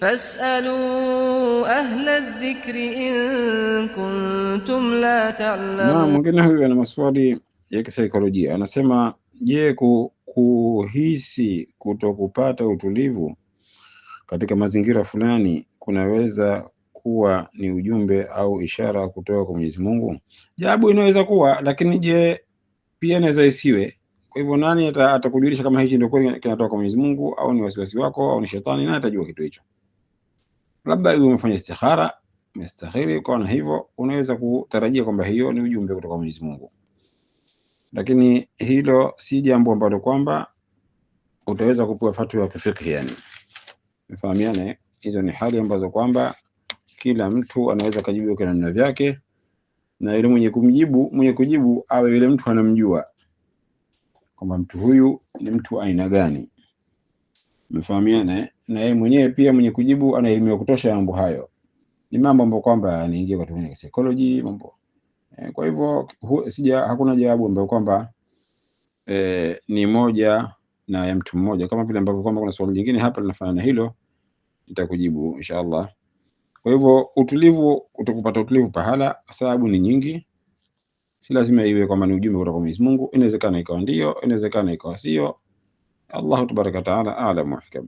Fasalu الذكر dhikri كنتم لا تعلمون. نعم ممكن mwingine huyu ana maswali ya kisaikolojia anasema, je, kuhisi kutokupata utulivu katika mazingira fulani kunaweza kuwa ni ujumbe au ishara kutoka kwa Mwenyezi Mungu? Jawabu, inaweza kuwa, lakini je, pia inaweza isiwe. Kwa hivyo nani atakujulisha kama hichi ndio kweli kinatoka kwa Mwenyezi Mungu au ni wasiwasi wako au ni shetani? Naye atajua kitu hicho labda iwe umefanya istikhara umestahiri ukaona na hivyo, unaweza kutarajia kwamba hiyo ni ujumbe kutoka Mwenyezi Mungu, lakini hilo si jambo ambalo kwamba utaweza kupewa fatwa ya kifikhi. Yani mfahamiane, hizo ni hali ambazo kwamba kila mtu anaweza kujibu kwa namna vyake, na yule mwenye kumjibu mwenye kujibu awe yule mtu anamjua kwamba mtu huyu ni mtu aina gani mfahamiane na yeye mwenyewe pia mwenye kujibu ana elimu ya kutosha ya mambo hayo. Ni mambo ambayo kwamba yanaingia kwa tumia psychology mambo. E, kwa hivyo sija hakuna jawabu ambayo kwamba e, ni moja na ya mtu mmoja, kama vile ambavyo kwamba kuna swali jingine hapa linafanana na hilo, nitakujibu inshallah. Kwa hivyo utulivu, utakupata utulivu pahala, sababu ni nyingi, si lazima iwe kwamba ni ujumbe kutoka kwa Mwenyezi Mungu. Inawezekana ikawa ndio, inawezekana ikawa sio. الله تبارك وتعالى أعلم وأحكم